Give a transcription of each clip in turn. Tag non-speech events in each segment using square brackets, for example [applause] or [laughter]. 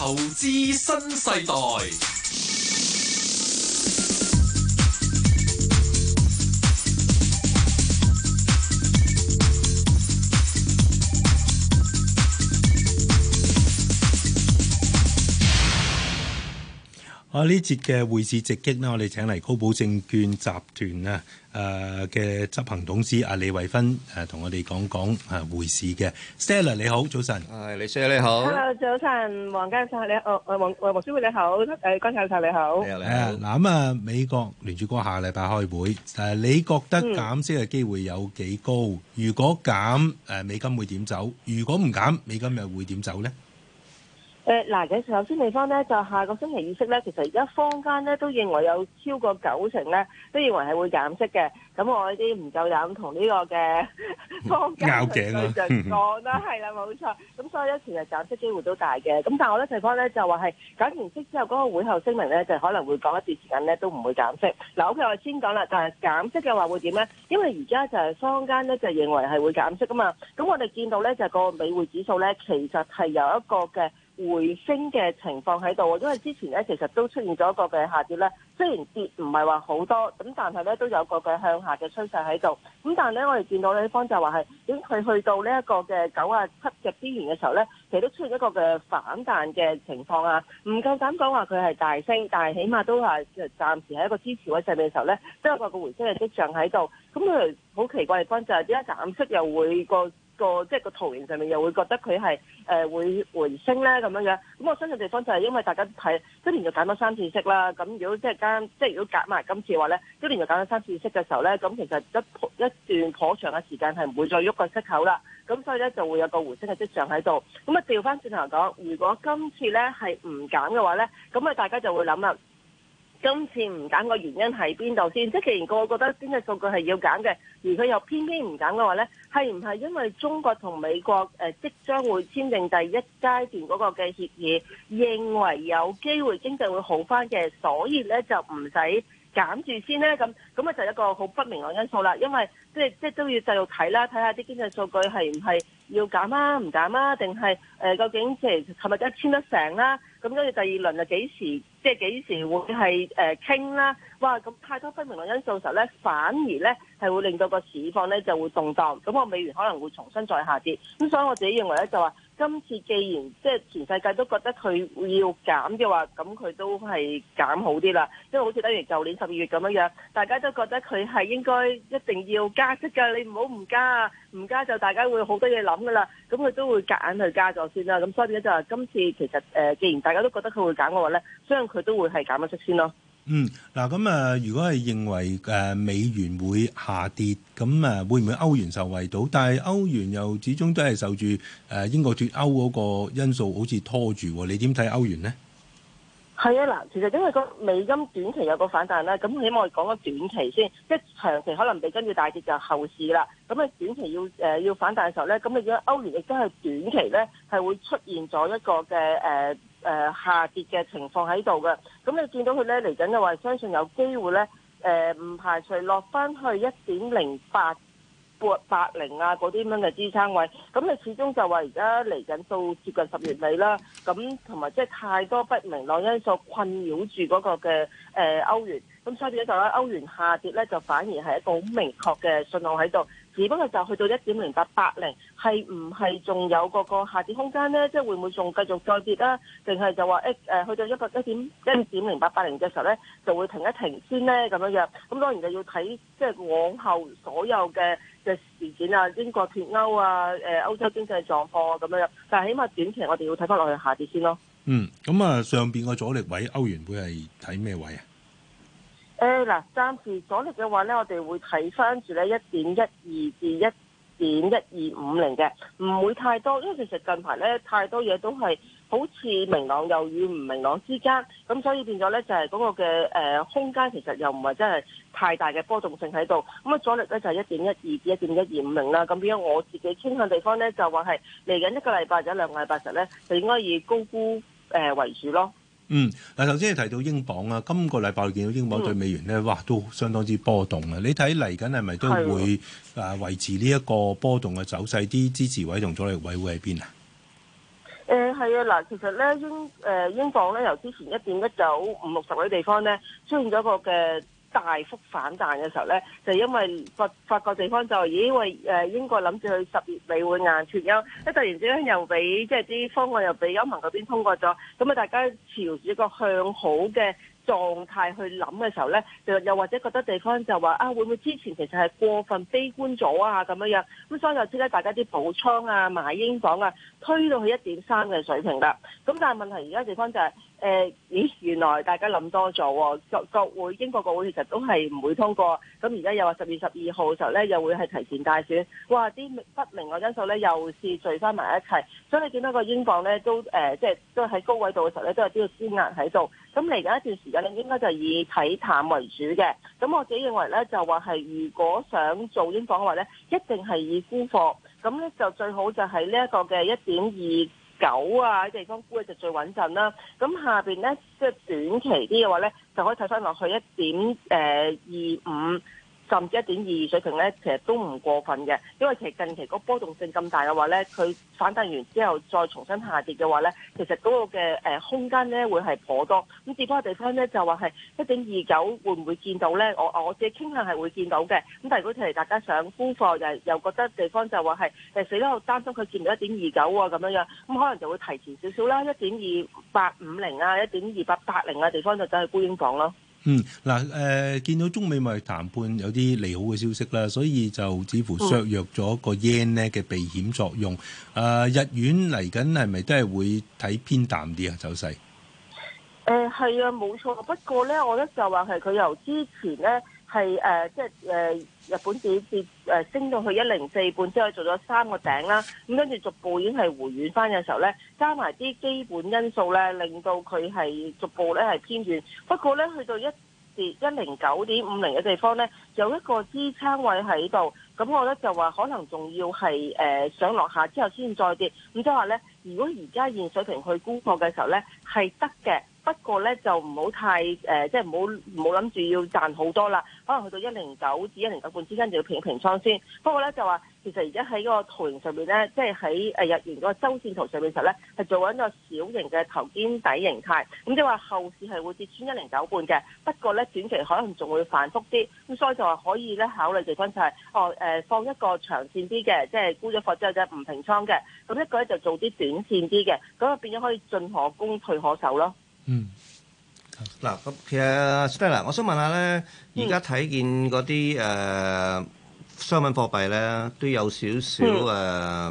投資新世代。啊！呢節嘅匯市直擊咧，我哋請嚟高寶證券集團啊誒嘅執行董事阿李慧芬誒，同我哋講講啊匯市嘅 Selen，你好，早晨。誒李 Sir 你好，早晨。黃家秀你好，誒黃誒黃小慧你好，誒關教授你好，你好你好。嗱咁啊，美國聯儲局下個禮拜開會誒，你覺得減息嘅機會有幾高？如果減誒美金會點走？如果唔減，美金又會點走咧？誒嗱嘅首先地方咧，就是、下個星期二息議咧，其實而家坊間咧都認為有超過九成咧，都認為係會減息嘅。咁我啲唔夠膽同呢個嘅坊 [laughs] 間對上講啦，係啦、嗯，冇、嗯啊、錯。咁所以咧，其實減息機會都大嘅。咁但係我咧地方咧就話係減完息之後嗰、那個會後聲明咧，就可能會講一段時間咧都唔會減息。嗱，o k 實我先講啦，但係減息嘅話會點咧？因為而家就係坊間咧就認為係會減息噶嘛。咁我哋見到咧就是、個美匯指數咧，其實係有一個嘅。回升嘅情況喺度，因為之前咧其實都出現咗一個嘅下跌咧，雖然跌唔係話好多，咁但係咧都有個嘅向下嘅趨勢喺度。咁但係咧我哋見到呢方就話係點？佢去到呢一個嘅九啊七嘅邊緣嘅時候咧，其實都出現一個嘅反彈嘅情況啊。唔夠膽講話佢係大升，但係起碼都係暫時係一個支持位上面嘅時候咧，都有個嘅回升嘅跡象喺度。咁佢好奇怪嘅方就係點解減息又會個？這個即係、這個圖形上面又會覺得佢係誒會回升咧咁樣樣，咁、嗯、我相信地方就係因為大家睇一年就減咗三次息啦，咁如果即係間即係如果夾埋今次話咧，一年就減咗三次息嘅、嗯、時候咧，咁、嗯、其實一一段頗長嘅時間係唔會再喐個息口啦，咁、嗯、所以咧就會有個回升嘅跡象喺度。咁啊調翻轉頭講，如果今次咧係唔減嘅話咧，咁、嗯、啊大家就會諗啦。今次唔減嘅原因喺邊度先？即，即既然實我覺得經濟數據係要減嘅，而佢又偏偏唔減嘅話呢，係唔係因為中國同美國誒即將會簽訂第一階段嗰個嘅協議，認為有機會經濟會好返嘅，所以呢，就唔使減住先呢？咁咁啊，就一個好不明朗因素啦。因為即係即係都要繼續睇啦，睇下啲經濟數據係唔係。要減啊，唔減啊，定係誒？究竟即係琴日一簽得成啦，啊，咁跟住第二輪又幾時？即係幾時會係誒傾啦？哇！咁太多不明朗因素嘅時候咧，反而咧係會令到個市況咧就會動盪，咁、嗯、我美元可能會重新再下跌。咁、嗯、所以我自己認為咧就話。今次既然即係全世界都覺得佢要減嘅話，咁佢都係減好啲啦。因為好似例如舊年十二月咁樣樣，大家都覺得佢係應該一定要加息㗎，你唔好唔加啊，唔加就大家會好多嘢諗㗎啦。咁佢都會夾硬去加咗先啦。咁所以咧就係今次其實誒、呃，既然大家都覺得佢會減嘅話咧，雖然佢都會係減咗息先咯。嗯，嗱，咁啊，如果係認為誒美元會下跌，咁啊，會唔會歐元受惠到？但係歐元又始終都係受住誒英國脱歐嗰個因素，好似拖住。你點睇歐元咧？係啊，嗱，其實因為個美金短期有個反彈啦，咁起碼我哋講個短期先，即係長期可能被跟住大跌就後市啦。咁啊，短期要誒要反彈嘅時候咧，咁你如果歐元亦都係短期咧係會出現咗一個嘅誒。誒、呃、下跌嘅情況喺度嘅，咁、嗯、你見到佢咧嚟緊嘅話相信有機會咧，誒、呃、唔排除落翻去一點零八八零啊嗰啲咁嘅支撐位，咁、嗯、你始終就話而家嚟緊到接近十月尾啦，咁同埋即係太多不明朗因素困擾住嗰個嘅誒、呃、歐元，咁所以變咗就係歐元下跌咧，就反而係一個好明確嘅信號喺度。只不過就去到一點零八八零，係唔係仲有嗰個個下跌空間呢？即係會唔會仲繼續再跌啊？定係就話誒誒去到一個一點一點零八八零嘅時候呢，就會停一停先呢？咁樣樣。咁當然就要睇即係往後所有嘅嘅事件啊，英國脫歐啊，誒、呃、歐洲經濟狀況啊咁樣。但係起碼短期我哋要睇翻落去下跌先咯。嗯，咁啊上邊個阻力位歐元會係睇咩位啊？誒，嗱、哎，暫時阻力嘅話咧，我哋會睇翻住咧一點一二至一點一二五零嘅，唔會太多，因為其實近排咧太多嘢都係好似明朗又與唔明朗之間，咁所以變咗咧就係嗰個嘅誒、呃、空間其實又唔係真係太大嘅波動性喺度，咁啊阻力咧就係一點一二至一點一二五零啦。咁變咗我自己傾向地方咧，就話係嚟緊一個禮拜或者兩個禮拜實咧，就應該以高估誒、呃、為主咯。嗯，嗱，頭先你提到英鎊啊，今個禮拜見到英鎊對美元咧，嗯、哇，都相當之波動是是的啊！你睇嚟緊係咪都會誒維持呢一個波動嘅走勢，啲支持位同阻力位會喺邊啊？誒係啊，嗱，其實咧英誒、呃、英鎊咧由之前一點一九五六十位地方咧出現咗一個嘅大幅反彈嘅時候咧，就因為發發覺地方就咦，因為誒英國諗住去十月尾會硬脱歐，一突然之間又俾即係啲方案又俾歐盟嗰邊通過咗，咁啊大家朝住個向好嘅狀態去諗嘅時候咧，又又或者覺得地方就話啊，會唔會之前其實係過分悲觀咗啊咁樣樣，咁所以就知咧大家啲補倉啊、買英鎊啊，推到去一點三嘅水平啦。咁但係問題而家地方就係、是。誒，咦、呃，原來大家諗多咗喎！國國會英國國會其實都係唔會通過，咁而家又話十月十二號嘅時候咧，又會係提前大選，哇！啲不明嘅因素咧，又是聚翻埋一齊，所以你見到個英鎊咧都誒，即、呃、係、就是、都喺高位度嘅時候咧，都有啲嘅支壓喺度。咁嚟緊一段時間咧，應該就係以睇淡為主嘅。咁我自己認為咧，就話係如果想做英鎊嘅話咧，一定係以沽貨，咁咧就最好就係呢一個嘅一點二。九啊，啲地方沽嘅就最穩陣啦。咁下邊咧，即係短期啲嘅話咧，就可以睇翻落去一點誒二五。甚至一點二二水平咧，其實都唔過分嘅，因為其實近期個波動性咁大嘅話咧，佢反彈完之後再重新下跌嘅話咧，其實嗰個嘅誒空間咧會係頗多。咁跌波嘅地方咧就話係一點二九會唔會見到咧？我我自己傾向係會見到嘅。咁但係如果睇嚟大家想沽貨，又又覺得地方就話係誒死得好擔心佢見唔到一點二九喎，咁樣樣咁、嗯、可能就會提前少少啦，一點二八五零啊，一點二八八零啊地方就走去沽英鎊咯。嗯，嗱、呃，誒見到中美咪談判有啲利好嘅消息啦，所以就似乎削弱咗個 yen 呢嘅避險作用。誒、呃，日元嚟緊係咪都係會睇偏淡啲啊？走勢誒係、呃、啊，冇錯。不過咧，我一就話係佢由之前咧。係誒、呃，即係誒、呃、日本點跌誒升到去一零四半之後做咗三個頂啦，咁跟住逐步已經係回軟翻嘅時候咧，加埋啲基本因素咧，令到佢係逐步咧係偏軟。不過咧，去到一跌一零九點五零嘅地方咧，有一個支撐位喺度，咁我咧就話可能仲要係誒上落下之後先再跌。咁即係話咧，如果而家現水平去沽貨嘅時候咧，係得嘅。不過咧就唔好太誒，即係唔好唔好諗住要賺好多啦。可能去到一零九至一零九半之間就要平平倉先。不過咧就話，其實而家喺個圖形上面咧，即係喺誒日圓個周線圖上面實咧，係做緊個小型嘅頭肩底形態。咁即係話後市係會跌穿一零九半嘅。不過咧短期可能仲會反覆啲。咁所以就話可以咧考慮嘅方式就係，哦誒、呃、放一個長線啲嘅，即係沽咗貨之後就唔平倉嘅。咁一個咧就做啲短線啲嘅，咁啊變咗可以進可攻退可守咯。嗯，嗱咁其實，Stella，我想問，問下咧，而家睇見嗰啲誒商品貨幣咧，都有少少誒、呃，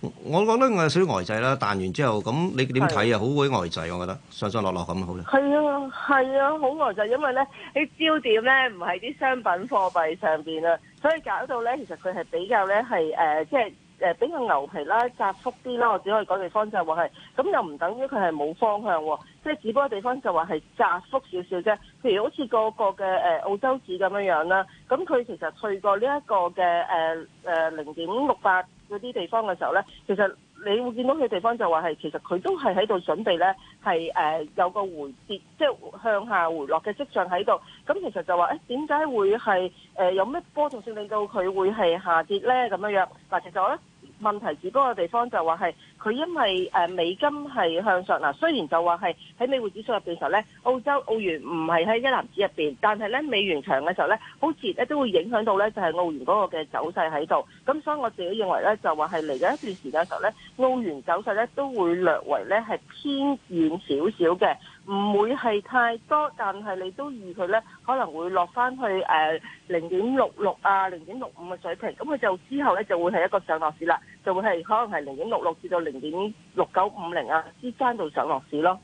我覺得誒少呆滯啦。彈完之後，咁你點睇啊？好鬼呆滯，我覺得上上落落咁好咧。係啊，係啊，好呆滯，因為咧啲焦點咧唔係啲商品貨幣上面啊，所以搞到咧其實佢係比較咧係誒，即係。誒，俾個牛皮啦，窄幅啲啦，我只可以講地方就話係，咁又唔等於佢係冇方向喎、啊，即係只不過地方就話係窄幅少少啫。譬如好似個個嘅誒澳洲紙咁樣樣、啊、啦，咁佢其實去過呢、呃、一個嘅誒誒零點六八嗰啲地方嘅時候咧，其實你會見到佢地方就話係，其實佢都係喺度準備咧，係誒、呃、有個回跌，即、就、係、是、向下回落嘅跡象喺度。咁其實就話誒，點、欸、解會係誒、呃、有咩波動性令到佢會係下跌咧？咁樣樣嗱，其實我咧。問題只不過地方就話係佢，因為誒美金係向上嗱，雖然就話係喺美匯指數入邊時候咧，澳洲澳元唔係喺一籃子入邊，但係咧美元強嘅時候咧，好似咧都會影響到咧就係澳元嗰個嘅走勢喺度，咁所以我自己認為咧就話係嚟緊一段時間時候咧，澳元走勢咧都會略為咧係偏軟少少嘅。唔會係太多，但係你都預佢咧可能會落翻去誒零點六六啊，零點六五嘅水平。咁佢就之後咧就會係一個上落市啦，就會係可能係零點六六至到零點六九五零啊之間度上落市咯。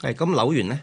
係咁，紐元呢？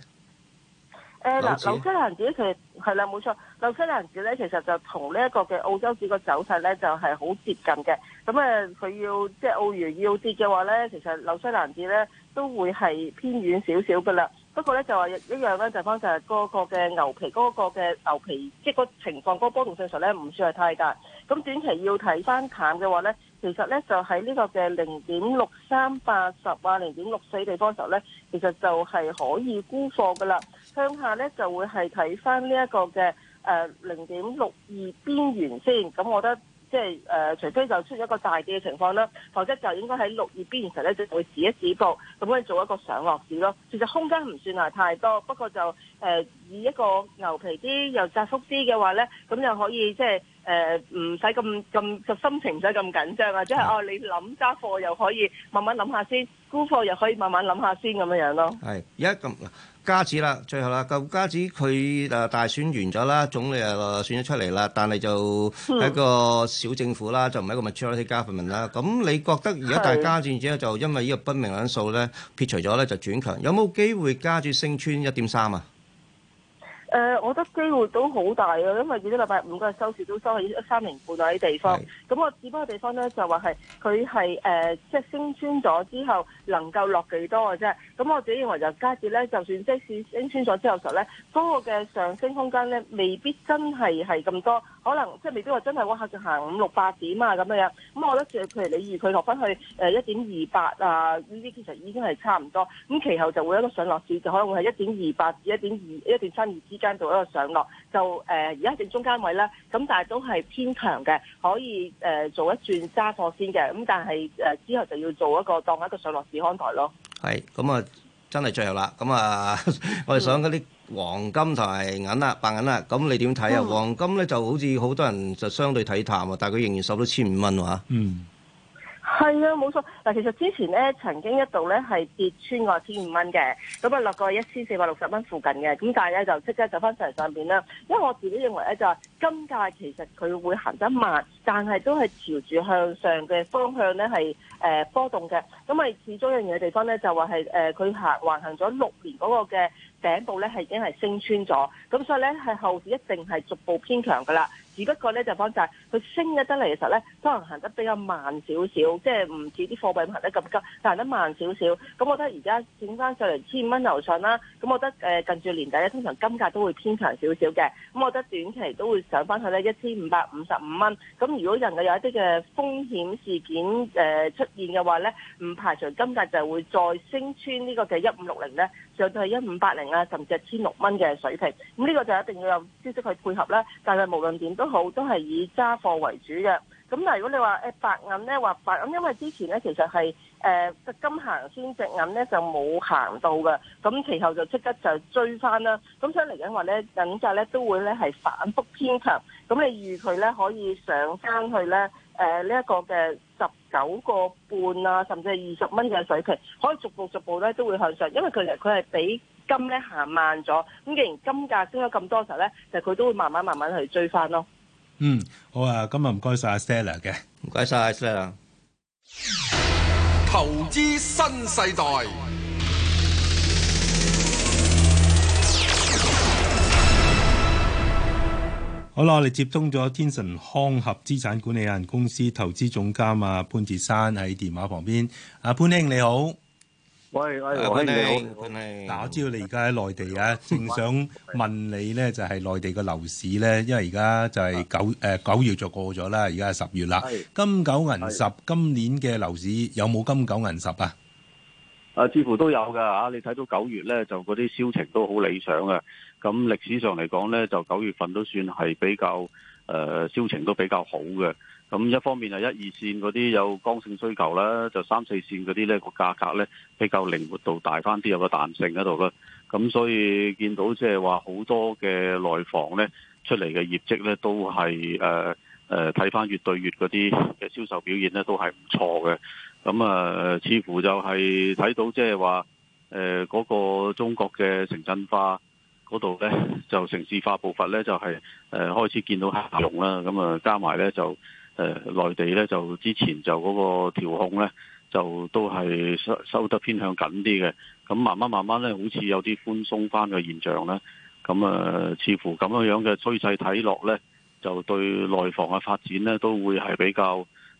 誒嗱、呃，紐下、呃、西蘭紙佢係啦，冇錯，紐西蘭紙咧其實就同呢一個嘅澳洲紙個走勢咧就係、是、好接近嘅。咁、嗯、誒，佢、呃、要即係澳元要跌嘅話咧，其實紐西蘭紙咧都會係偏軟少少嘅啦。不過咧就話一樣咧，就是、方就係嗰個嘅牛皮，嗰個嘅牛皮，即係個情況，嗰個波動性上咧唔算係太大。咁短期要睇翻淡嘅話咧，其實咧就喺呢個嘅零點六三八十啊，零點六四地方時候咧，其實就係可以沽貨㗎喇。向下咧就會係睇翻呢一個嘅誒零點六二邊緣先。咁我覺得。即係誒、呃，除非就出一個大跌嘅情況啦，否則就應該喺六月邊其實咧就會止一止步，咁可以做一個上落市咯。其實空間唔算係太多，不過就誒、呃、以一個牛皮啲又窄幅啲嘅話咧，咁又可以即係誒唔使咁咁個心情唔使咁緊張啊！即係哦是、啊，你諗揸貨又可以慢慢諗下先，沽貨又可以慢慢諗下先咁樣樣咯。係而家咁。加子啦，最後啦，舊加子佢誒大選完咗啦，總理又選咗出嚟啦，但係就一個小政府啦， [laughs] 就唔係一個 Majority government 啦。咁你覺得而家大加子之後就因為呢個不明朗因素咧撇除咗咧就轉強，有冇機會加住升穿一點三啊？誒、呃，我覺得機會都好大啊，因為見到禮拜五嗰日收市都收喺一三零附近啲地方。咁我指標嘅地方咧就話係佢係誒，即係升穿咗之後能夠落幾多嘅啫。咁、嗯、我自己認為就加跌咧，就算即使升穿咗之後嘅時候咧，嗰、那個嘅上升空間咧未必真係係咁多，可能即係未必話真係哇下就行五六八點啊咁樣樣。咁、嗯、我覺得，譬如你如佢落翻去誒一點二八啊，呢啲其實已經係差唔多。咁其後就會有啲上落市，就可能會係一點二八至一點二、一點三二之。將到一個上落，就誒而家正中間位啦。咁但係都係偏強嘅，可以誒、呃、做一轉揸貨先嘅，咁但係誒、呃、之後就要做一個當一個上落市看台咯。係，咁啊真係最後啦，咁啊我哋想嗰啲黃金同埋銀啊、白銀啊，咁你點睇啊？黃金咧就好似好多人就相對睇淡啊，但係佢仍然守到千五蚊喎。嗯。係啊，冇錯。嗱，其實之前咧曾經一度咧係跌穿過千五蚊嘅，咁啊落過一千四百六十蚊附近嘅，咁但係咧就即刻走翻上上面啦。因為我自己認為咧就係今屆其實佢會行得慢，但係都係朝住向上嘅方向咧係誒波動嘅。咁啊，始終一樣嘢地方咧就話係誒佢行橫行咗六年嗰個嘅頂部咧係已經係升穿咗，咁所以咧係後市一定係逐步偏強㗎啦。只不過咧就講就係佢升咗得嚟嘅時候咧，可能行得比較慢少少，即係唔似啲貨幣行得咁急，但係行得慢少少。咁我覺得而家整翻上嚟千五蚊樓上啦。咁我覺得誒近住年底咧，通常金價都會偏強少少嘅。咁我覺得短期都會上翻去咧一千五百五十五蚊。咁如果能夠有一啲嘅風險事件誒出現嘅話咧，唔排除金價就會再升穿個 1, 5, 6，呢個嘅一五六零咧，上到去一五八零啊，甚至係千六蚊嘅水平。咁呢個就一定要有消息去配合啦。但係無論點，都好，都係以揸貨為主嘅。咁但係如果你話誒白銀咧話白銀，因為之前咧其實係誒、呃、金行先隻銀咧就冇行到嘅，咁其後就即刻就追翻啦。咁所以嚟緊話咧銀價咧都會咧係反覆偏強。咁你預佢咧可以上翻去咧誒呢一、呃這個嘅十九個半啊，甚至係二十蚊嘅水平，可以逐步逐步咧都會向上，因為其實佢係比金咧行慢咗。咁既然金價升咗咁多時候咧，就佢都會慢慢慢慢去追翻咯。嗯，好啊，今日唔該晒阿 Stella 嘅，唔該晒阿 Stella。投資新世代，好啦，我哋接通咗天神康天宸康合資產管理有限公司投資總監啊潘鐵珊喺電話旁邊，阿潘兄你好。喂，阿君你好，阿君，嗱我知道你而家喺內地啊，正想問你咧，就係內地嘅樓市咧，因為而家就係九誒，九月就過咗啦，而家係十月啦，金九銀十，今年嘅樓市有冇金九銀十啊？啊，似乎都有噶吓，你睇到九月咧，就嗰啲銷情都好理想嘅，咁歷史上嚟講咧，就九月份都算係比較誒，銷情都比較好嘅。咁一方面係一二線嗰啲有剛性需求啦，就三四線嗰啲咧個價格咧比較靈活度大翻啲，有個彈性喺度啦。咁所以見到即係話好多嘅內房咧出嚟嘅業績咧都係誒誒睇翻月對月嗰啲嘅銷售表現咧都係唔錯嘅。咁啊、呃、似乎就係睇到即係話誒嗰個中國嘅城鎮化嗰度咧就城市化步伐咧就係、是、誒、呃、開始見到效用啦。咁啊加埋咧就。誒，內、呃、地咧就之前就嗰個調控咧，就都係收收得偏向緊啲嘅。咁慢慢慢慢咧，好似有啲寬鬆翻嘅現象咧。咁、嗯、啊、呃，似乎咁樣樣嘅趨勢睇落咧，就對內房嘅發展咧，都會係比較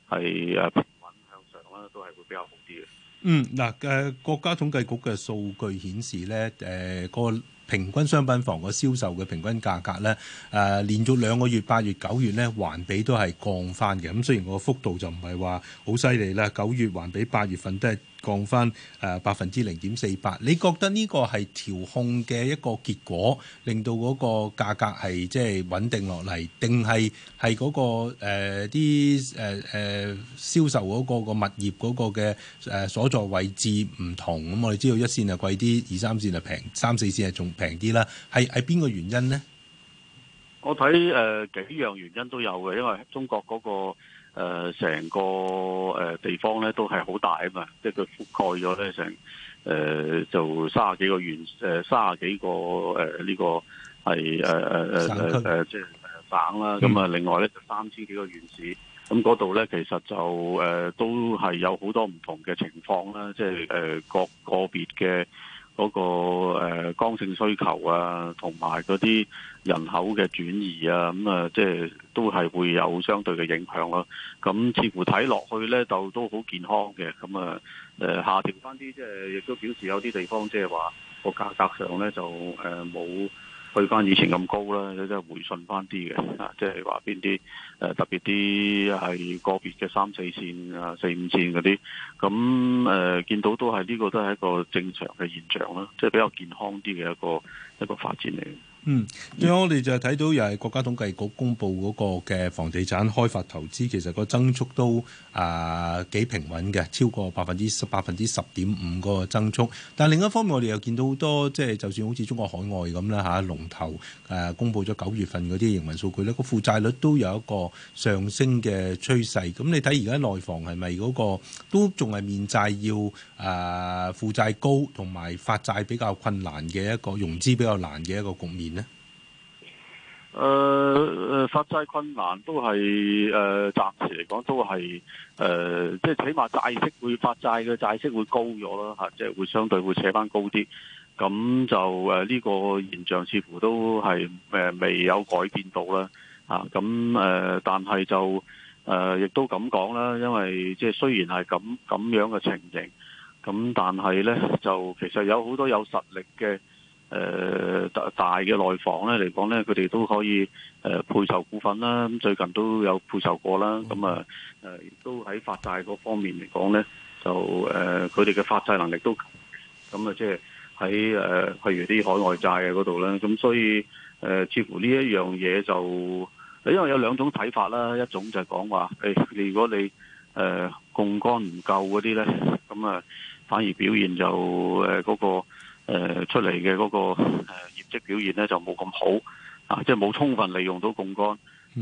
係誒，平穩向上啦，都係會比較好啲嘅。嗯，嗱，誒，國家統計局嘅數據顯示咧，誒、呃，嗰個。平均商品房個銷售嘅平均價格咧，誒、呃、連續兩個月八月九月咧，環比都係降翻嘅。咁雖然個幅度就唔係話好犀利啦，九月環比八月份都係。降翻誒百分之零點四八，你覺得呢個係調控嘅一個結果，令到嗰個價格係即係穩定落嚟、嗰個，定係係嗰個啲誒誒銷售嗰個個物業嗰個嘅誒所在位置唔同？咁我哋知道一線就貴啲，二三線就平，三四線係仲平啲啦。係係邊個原因呢？我睇誒、呃、幾樣原因都有嘅，因為中國嗰、嗰個。誒成、呃、個誒、呃、地方咧都係好大啊嘛，即係佢覆蓋咗咧成誒就三十幾個縣誒、呃、三十幾個誒呢、呃這個係誒誒誒誒即係省啦區。咁啊，另外咧就三千幾個縣市，咁嗰度咧其實就誒、呃、都係有好多唔同嘅情況啦，即係誒各個別嘅。呃嗰個誒剛性需求啊，同埋嗰啲人口嘅轉移啊，咁啊，即係都係會有相對嘅影響咯，啊。咁似乎睇落去咧，就都好健康嘅。咁啊，誒、就是，下調翻啲，即係亦都表示有啲地方，即係話個價格上咧就誒冇。呃去翻以前咁高啦，咧、就是，即係回順翻啲嘅。啊，即係話邊啲誒，特別啲係個別嘅三四線啊、四五線嗰啲，咁誒、呃、見到都係呢、這個都係一個正常嘅現象啦，即、就、係、是、比較健康啲嘅一個一個發展嚟。嗯，最咁我哋就睇到又係國家統計局公布嗰個嘅房地產開發投資其實個增速都啊幾、呃、平穩嘅，超過百分之十百分之十點五個增速。但係另一方面，我哋又見到好多即係、就是、就算好似中國海外咁啦吓龍頭誒、呃、公布咗九月份嗰啲營運數據咧，個負債率都有一個上升嘅趨勢，咁你睇而家內房係咪嗰個都仲係面債要誒負債高，同埋發債比較困難嘅一個融資比較難嘅一個局面？誒誒、呃，發債困難都係誒暫時嚟講都係誒、呃，即係起碼債息會發債嘅債息會高咗啦吓，即係會相對會扯翻高啲。咁就誒呢、呃呢個現象似乎都係誒未有改變到啦。吓咁誒，但係就誒、呃、亦都咁講啦，因為即係雖然係咁咁樣嘅情形，咁但係咧就其實有好多有實力嘅。誒、呃、大大嘅內房咧嚟講咧，佢哋都可以誒、呃、配售股份啦。咁最近都有配售過啦。咁啊亦、呃、都喺發債嗰方面嚟講咧，就誒佢哋嘅發債能力都咁啊、嗯，即係喺誒譬如啲海外債嘅嗰度咧。咁所以誒、呃，似乎呢一樣嘢就，因為有兩種睇法啦。一種就係講話誒，你、欸、如果你誒槓桿唔夠嗰啲咧，咁啊反而表現就誒嗰、呃那個。誒、呃、出嚟嘅嗰個誒、呃、業績表現咧就冇咁好啊，即係冇充分利用到槓桿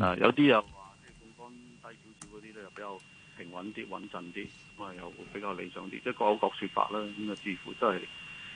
啊。有啲又話啲槓桿低少少嗰啲咧就比較平穩啲、穩陣啲，咁啊又比較理想啲。即係各有各説法啦。咁啊，似乎真係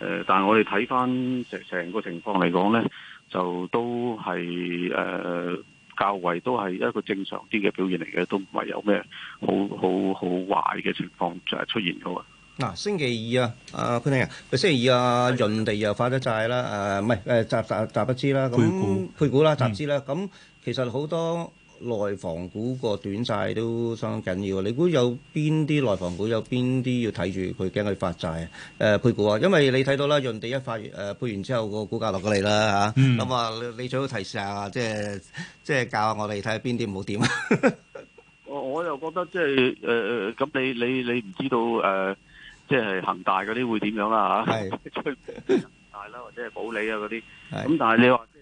誒，但係我哋睇翻成成個情況嚟講咧，就都係誒較為都係一個正常啲嘅表現嚟嘅，都唔係有咩好好好，好壞嘅情況就係出現咗。嗱，星期二啊，阿潘生，佢星期二啊，潤地又發咗債啦，誒唔係誒集集集集資啦，咁配股配股啦，集資啦，咁其實好多內房股個短債都相當緊要喎。你估有邊啲內房股有邊啲要睇住佢驚佢發債啊？誒配股啊，因為你睇到啦，潤地一發誒配完之後個股價落咗嚟啦嚇，咁啊你最好提示下，即係即係教下我哋睇下邊啲唔好點。我我又覺得即係誒咁，你你你唔知道誒？即係恒大嗰啲會點樣啦、啊、吓？係，恒大啦或者係保利啊嗰啲。咁 [laughs] 但係你話即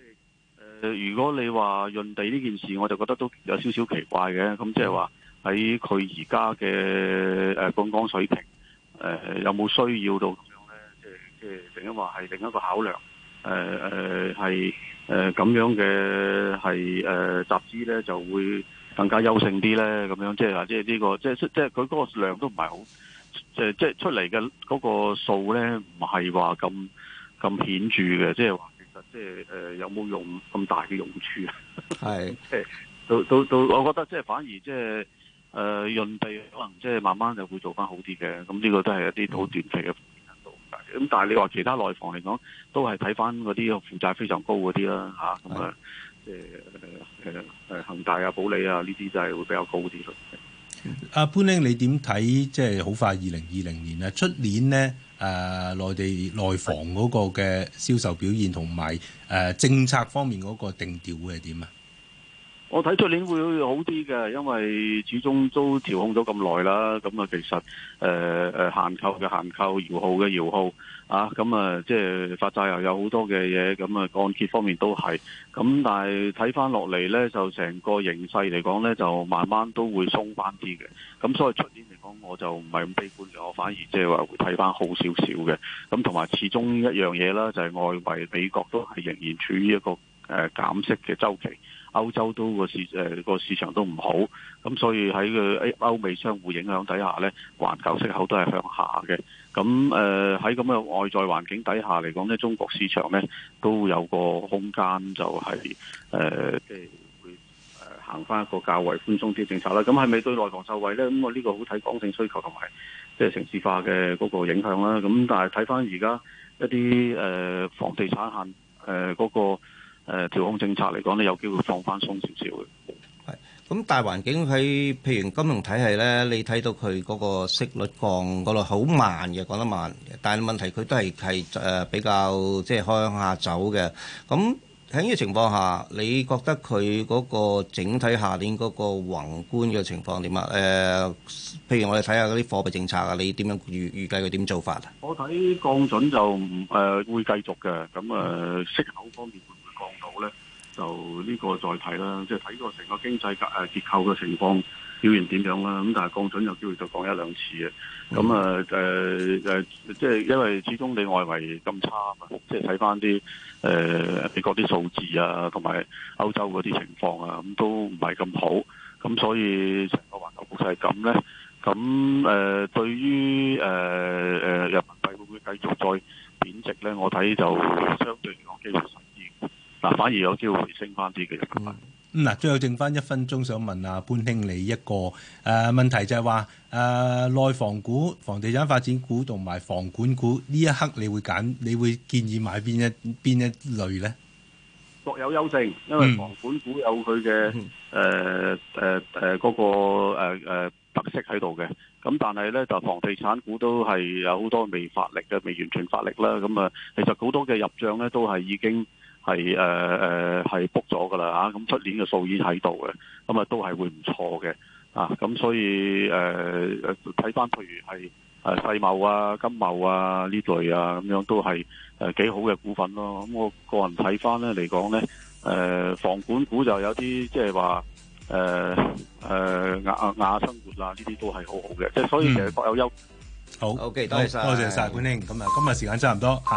係誒，如果你話潤地呢件事，我就覺得都有少少奇怪嘅。咁即係話喺佢而家嘅誒槓桿水平誒、呃，有冇需要到咁樣咧？即係即係，正因為係另一個考量，誒誒係誒咁樣嘅係誒集資咧，就會更加優勝啲咧。咁樣即係話，即係呢、呢個即係即係佢嗰個量都唔係好。即係即係出嚟嘅嗰個數咧，唔係話咁咁顯著嘅，即係話其實即係誒、呃、有冇用咁大嘅用處？係即係到到到我覺得即係反而即係誒潤地可能即係慢慢就會做翻好啲嘅。咁、這、呢個都係一啲好短期嘅幅度咁大。咁但係你話其他內房嚟講，都係睇翻嗰啲負債非常高嗰啲啦吓，咁啊，是啊，即係誒恒大啊、保利啊呢啲就係會比較高啲咯。阿潘兄，你點睇，即係好快二零二零年啊？出年呢，誒、呃、內地內房嗰個嘅銷售表現同埋誒政策方面嗰個定調會係點啊？我睇出年會好啲嘅，因為始終都調控咗咁耐啦，咁、嗯、啊其實誒誒、呃、限購嘅限購，搖號嘅搖號，啊咁啊即係發債又有好多嘅嘢，咁啊降息方面都係，咁、嗯、但係睇翻落嚟咧，就成個形勢嚟講咧，就慢慢都會鬆翻啲嘅，咁、嗯、所以出年嚟講，我就唔係咁悲觀嘅，我反而即係話會睇翻好少少嘅，咁同埋始終一樣嘢啦，就係、是、外圍美國都係仍然處於一個誒減息嘅周期。歐洲都個市誒個市場都唔好，咁所以喺個歐美相互影響底下咧，環球息口都係向下嘅。咁誒喺咁嘅外在環境底下嚟講咧，中國市場咧都會有個空間、就係，就係誒即係會行翻一個較為寬鬆啲政策啦。咁係咪對內房受惠咧？咁我呢個好睇剛性需求同埋即係城市化嘅嗰個影響啦。咁但係睇翻而家一啲誒、呃、房地產限誒嗰、呃那個。誒，調控政策嚟講咧，有機會放翻鬆少少嘅。係，咁大環境喺，譬如金融體系咧，你睇到佢嗰個息率降嗰度好慢嘅，講得慢，但係問題佢都係係誒比較即係向下走嘅。咁喺呢個情況下，你覺得佢嗰個整體下年嗰個宏觀嘅情況點啊？誒，譬如我哋睇下嗰啲貨幣政策啊，你點樣預預計佢點做法啊？我睇降準就唔誒會繼續嘅，咁誒息口方面。就呢個再睇啦，即係睇個成個經濟格誒結構嘅情況表現點樣啦。咁但係降準有機會再降一兩次嘅。咁啊誒誒，即係因為始終你外圍咁差啊，即係睇翻啲誒美國啲數字啊，同埋歐洲嗰啲情況啊，咁都唔係咁好。咁、嗯、所以成個環球局勢係咁咧。咁誒、呃、對於誒誒人民幣會唔會繼續再貶值咧？我睇就相對嚟講基本上。嗱，反而有機會回升翻啲嘅。咁嗱、嗯，最後剩翻一分鐘，想問啊，潘兄，你一個誒、呃、問題就係話誒內房股、房地產發展股同埋房管股呢一刻，你會揀，你會建議買邊一邊一類呢？各有優勝，因為房管股有佢嘅誒誒誒嗰個誒特色喺度嘅。咁但係咧，就房地產股都係有好多未發力嘅，未完全發力啦。咁啊、呃，其實好多嘅入帳咧都係已經。係誒誒係 book 咗嘅啦嚇，咁出年嘅數已喺度嘅，咁啊都係會唔錯嘅啊！咁、啊啊、所以誒睇翻，譬、啊、如係誒世茂啊、金茂啊呢類啊，咁樣都係誒幾好嘅股份咯、啊。咁、啊、我個人睇翻咧嚟講咧，誒、啊、房管股就有啲即係話誒誒雅雅生活啊呢啲都係好好嘅，即係所以其實各有優、嗯、好。O Okay , K，對多謝晒。多謝晒，冠英謝。咁啊，今日時間差唔多